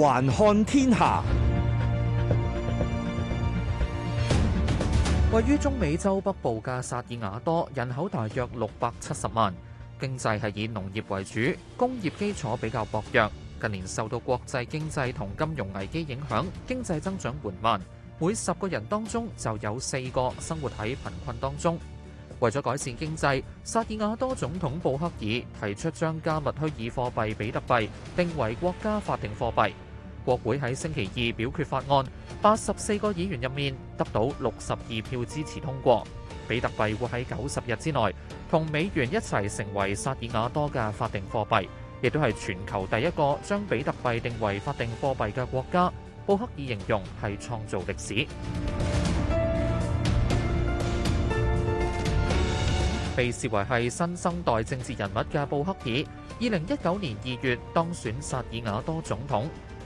環看天下，位於中美洲北部嘅薩爾瓦多，人口大約六百七十萬，經濟係以農業為主，工業基礎比較薄弱。近年受到國際經濟同金融危機影響，經濟增長緩慢。每十個人當中就有四個生活喺貧困當中。為咗改善經濟，薩爾瓦多總統布克爾提出將加密虛擬貨幣比特幣定為國家法定貨幣。國會喺星期二表決法案，八十四個議員入面得到六十二票支持通過。比特幣會喺九十日之內同美元一齊成為薩爾瓦多嘅法定貨幣，亦都係全球第一個將比特幣定為法定貨幣嘅國家。布克爾形容係創造歷史。被視為係新生代政治人物嘅布克爾，二零一九年二月當選薩爾瓦多總統。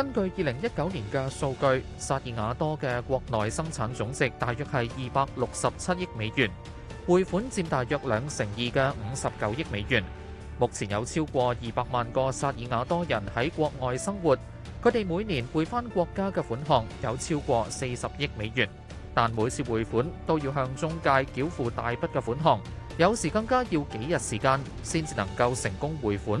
根據二零一九年嘅數據，薩爾瓦多嘅國內生產總值大約係二百六十七億美元，匯款佔大約兩成二嘅五十九億美元。目前有超過二百萬個薩爾瓦多人喺國外生活，佢哋每年匯返國家嘅款項有超過四十億美元，但每次匯款都要向中介繳付大筆嘅款項，有時更加要幾日時間先至能夠成功匯款。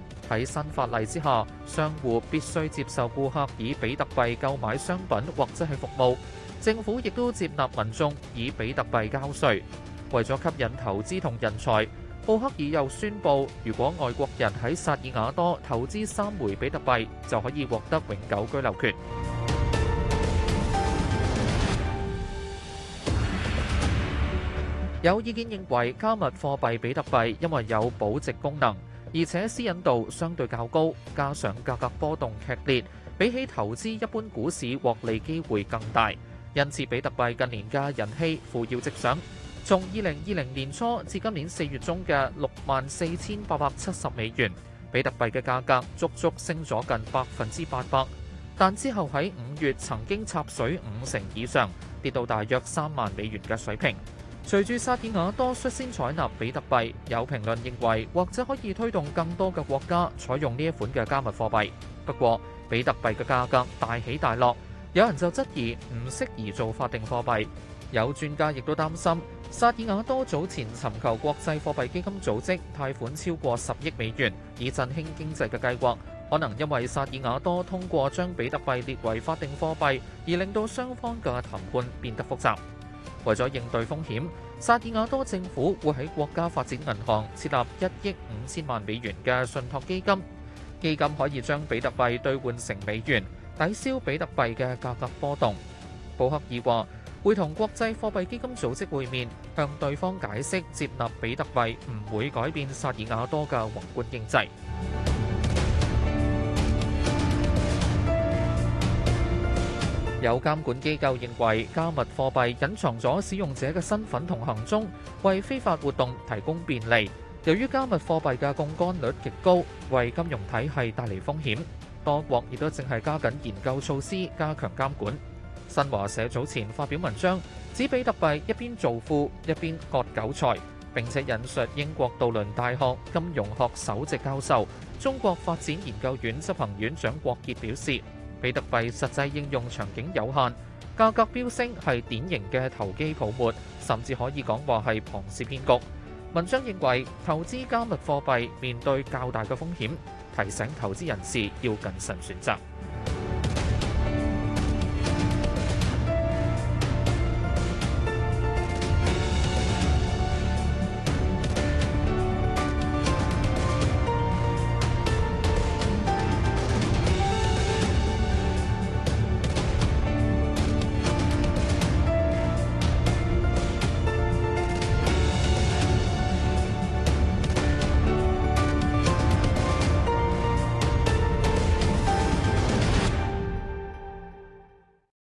喺新法例之下，商戶必須接受顧客以比特幣購買商品或者係服務。政府亦都接納民眾以比特幣交稅。為咗吸引投資同人才，布克爾又宣佈，如果外國人喺薩爾瓦多投資三枚比特幣，就可以獲得永久居留權。有意見認為加密貨幣比特幣因為有保值功能。而且私隱度相對較高，加上價格波動劇烈，比起投資一般股市獲利機會更大，因此比特幣近年嘅人氣扶搖直上。從二零二零年初至今年四月中嘅六萬四千八百七十美元，比特幣嘅價格足足升咗近百分之八百，但之後喺五月曾經插水五成以上，跌到大約三萬美元嘅水平。隨住薩爾瓦多率先採納比特幣，有評論認為或者可以推動更多嘅國家採用呢一款嘅加密貨幣。不過，比特幣嘅價格大起大落，有人就質疑唔適宜做法定貨幣。有專家亦都擔心，薩爾瓦多早前尋求國際貨幣基金組織貸款超過十億美元以振興經濟嘅計劃，可能因為薩爾瓦多通過將比特幣列為法定貨幣而令到雙方嘅談判變得複雜。為咗應對風險，薩爾瓦多政府會喺國家發展銀行設立一億五千萬美元嘅信託基金，基金可以將比特幣兌換成美元，抵消比特幣嘅價格波動。布克爾話，會同國際貨幣基金組織會面，向對方解釋接納比特幣唔會改變薩爾瓦多嘅宏觀經濟。有監管機構認為加密貨幣隱藏咗使用者嘅身份同行蹤，為非法活動提供便利。由於加密貨幣嘅槓桿率極高，為金融體系帶嚟風險。多國亦都正係加緊研究措施，加強監管。新華社早前發表文章，指比特幣一邊造富一邊割韭菜。並且引述英國杜倫大學金融學首席教授、中國發展研究院執行院長郭傑表示，比特幣實際應用場景有限，價格飆升係典型嘅投機泡沫，甚至可以講話係龐氏騙局。文章認為，投資加密貨幣面對較大嘅風險，提醒投資人士要謹慎選擇。